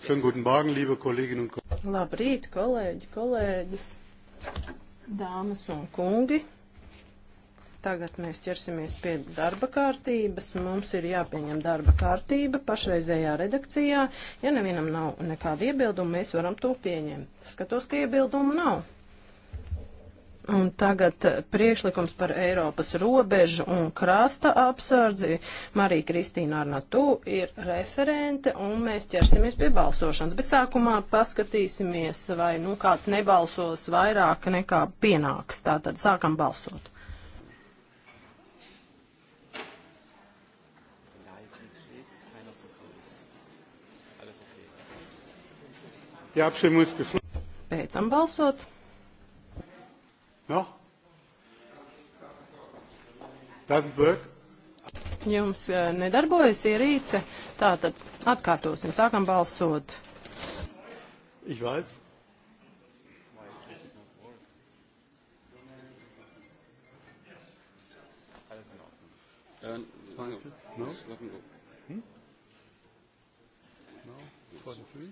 Schönen guten Morgen, liebe Kolleginnen un kolēģi. Labrīt, kolēģi, kolēģis, dāmas un kungi. Tagad mēs ķersimies pie darba kārtības. Mums ir jāpieņem darba kārtība pašreizējā redakcijā. Ja nevienam nav nekāda iebilduma, mēs varam to pieņemt. Skatos, ka iebildumu nav. Un tagad priešlikums par Eiropas robežu un krasta apsardzi. Marija Kristīna Arnatu ir referente, un mēs ķersimies pie balsošanas. Bet sākumā paskatīsimies, vai nu kāds nebalsos vairāk nekā pienāks. Tātad sākam balsot. Pēcam balsot. No? Doesn't work? Jums eh, nedarbojas ierīce, tātad atkārtosim, sākam balsot. Ich weiß. Äh, no? Hm? No? 43?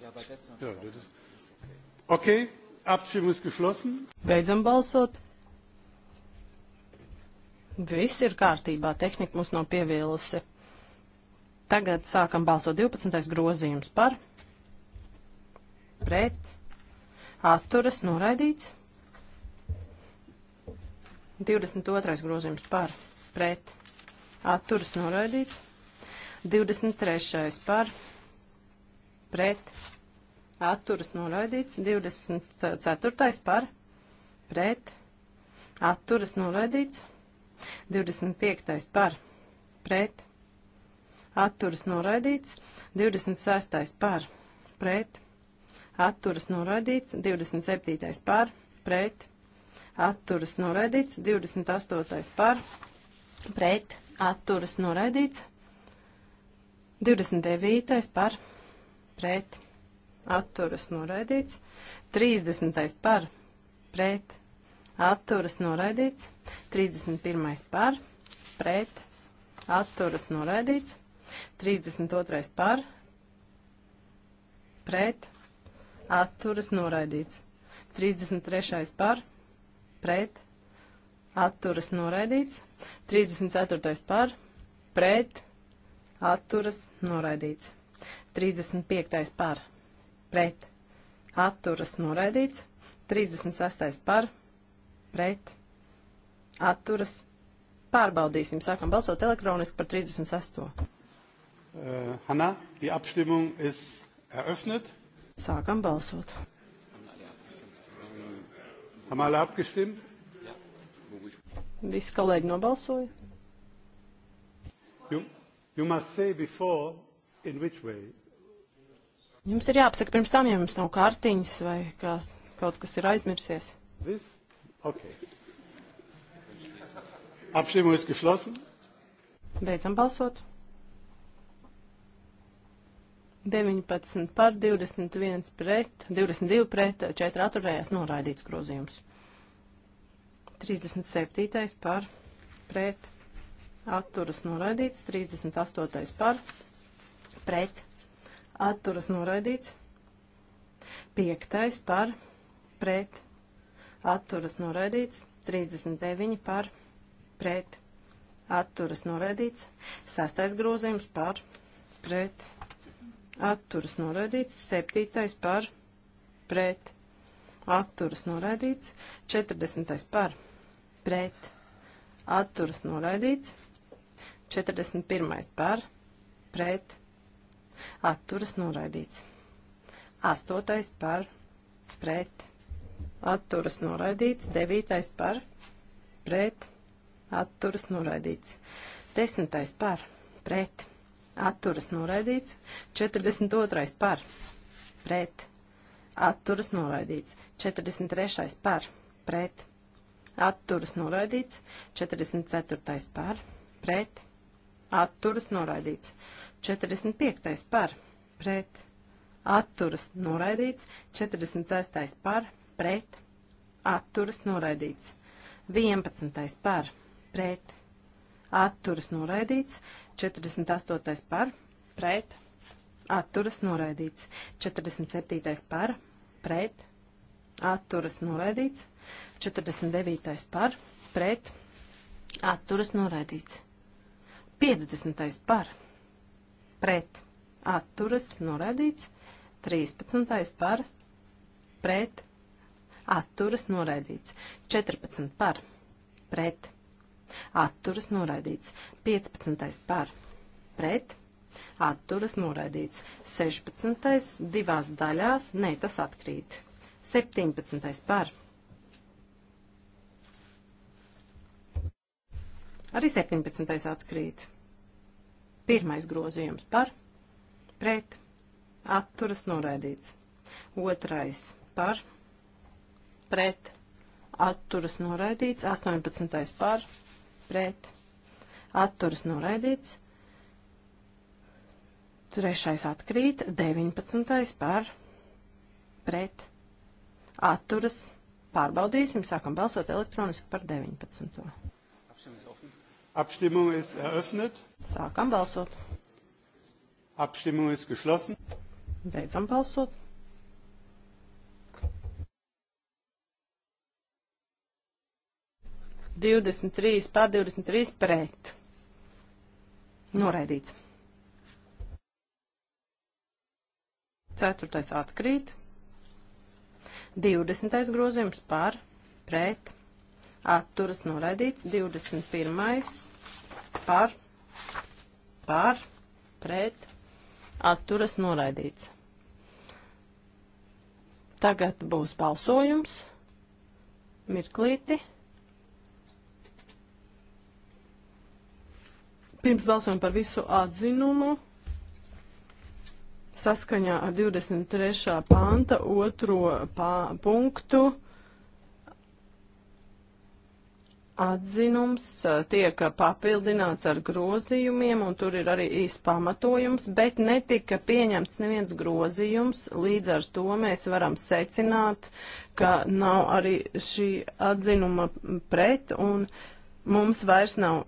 Yeah, but that's not yeah, that is... Okay. Abstimmung ist geschlossen. Beidzam balsot. Viss ir kārtībā, tehnika mums nav pievīlusi. Tagad sākam balsot 12. grozījums par, pret, atturas, noraidīts. 22. grozījums par, pret, atturas, noraidīts. 23. par, pret, atturas atturas noraidīts, 24. par pret atturas noraidīts, 25. par pret atturas noraidīts, 26. par pret atturas noraidīts, 27. par pret atturas noraidīts, 28. par pret atturas noraidīts, 29. par pret atturas noraidīts, 30. par pret atturas noraidīts, 31. par pret atturas noraidīts, 32. par pret atturas noraidīts, 33. par pret atturas noraidīts, 34. par pret atturas noraidīts, 35. par pret pret atturas noraidīts, 36. par pret atturas pārbaudīsim. Sākam balsot elektroniski par 38. Uh, äh, Hanna, die Abstimmung ist eröffnet. Sākam balsot. Haben alle abgestimmt? Visi kolēģi nobalsoja. You, you must say before in which way Jums ir jāpasaka pirms tam, ja jums nav kartiņas vai kā, kaut kas ir aizmirsies. Viss? Okay. Abstimmung ist geschlossen. Beidzam balsot. 19 par 21 pret, 22 pret, 4 atturējās noraidīts grozījums. 37. par pret, atturas noraidīts, 38. par pret, atturas noraidīts. Piektais par pret atturas noraidīts. 39 par pret atturas noraidīts. Sastais grozījums par pret atturas noraidīts. Septītais par pret atturas noraidīts. 40. par pret atturas noraidīts. 41. par pret atturas noraidīts atturas noraidīts. Astotais par pret atturas noraidīts. Devītais par pret atturas noraidīts. Desmitais par pret atturas noraidīts. Četrdesmit otrais par pret atturas noraidīts. Četrdesmit trešais par pret atturas noraidīts. Četrdesmit ceturtais par pret atturas noraidīts. 45. par pret atturas noraidīts, 46. par pret atturas noraidīts, 11. par pret atturas noraidīts, 48. par pret atturas noraidīts, 47. par pret atturas noraidīts, 49. par pret atturas noraidīts, 50. par pret pret atturas noraidīts. 13. par pret atturas noraidīts. 14. par pret atturas noraidīts. 15. par pret atturas noraidīts. 16. divās daļās, ne, tas atkrīt. 17. par arī 17. atkrīt. Pirmais grozījums par, pret, atturas noraidīts. Otrais par, pret, atturas noraidīts. 18. par, pret, atturas noraidīts. Trešais atkrīt, 19. par, pret, atturas pārbaudīsim, sākam balsot elektroniski par 19. Abstimmung ist eröffnet. Sākam balsot. Abstimmung ist geschlossen. Beidzam balsot. Divdesmit trīs pār divdesmit trīs pret. Noraidīts. Ceturtais atkrīt. Divdesmitais grozījums pār pret atturas noraidīts, 21. par, par, pret, atturas noraidīts. Tagad būs balsojums, mirklīti. Pirms balsojam par visu atzinumu, saskaņā ar 23. panta otro pā, punktu atzinums tiek papildināts ar grozījumiem, un tur ir arī īs pamatojums, bet netika pieņemts neviens grozījums, līdz ar to mēs varam secināt, ka nav arī šī atzinuma pret, un mums vairs nav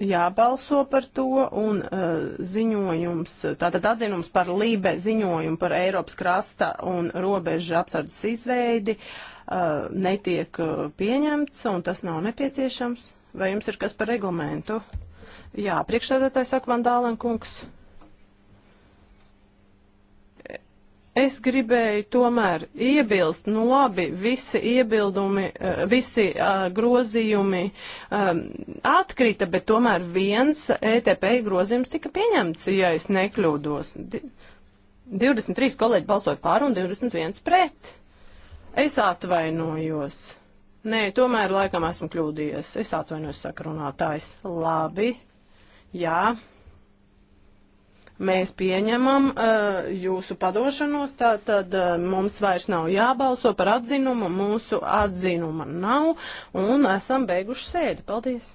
jābalso par to, un uh, ziņojums, tātad atzinums par Lībe ziņojumu par Eiropas krasta un robeža apsardzes izveidi uh, netiek uh, pieņemts, un tas nav nepieciešams. Vai jums ir kas par reglamentu? Jā, priekšstādātājs Akvandālen kungs. Uh, Es gribēju tomēr iebilst, nu labi, visi iebildumi, eh, visi eh, grozījumi eh, atkrita, bet tomēr viens ETP grozījums tika pieņemts, ja es nekļūdos. 23 kolēģi balsoja pār un 21 pret. Es atvainojos. Nē, tomēr laikam esmu kļūdījies. Es atvainojos, saka runātājs. Labi. Jā mēs pieņemam uh, jūsu padošanos, tā tad uh, mums vairs nav jābalso par atzinumu, mūsu atzinuma nav un esam beiguši sēdi. Paldies!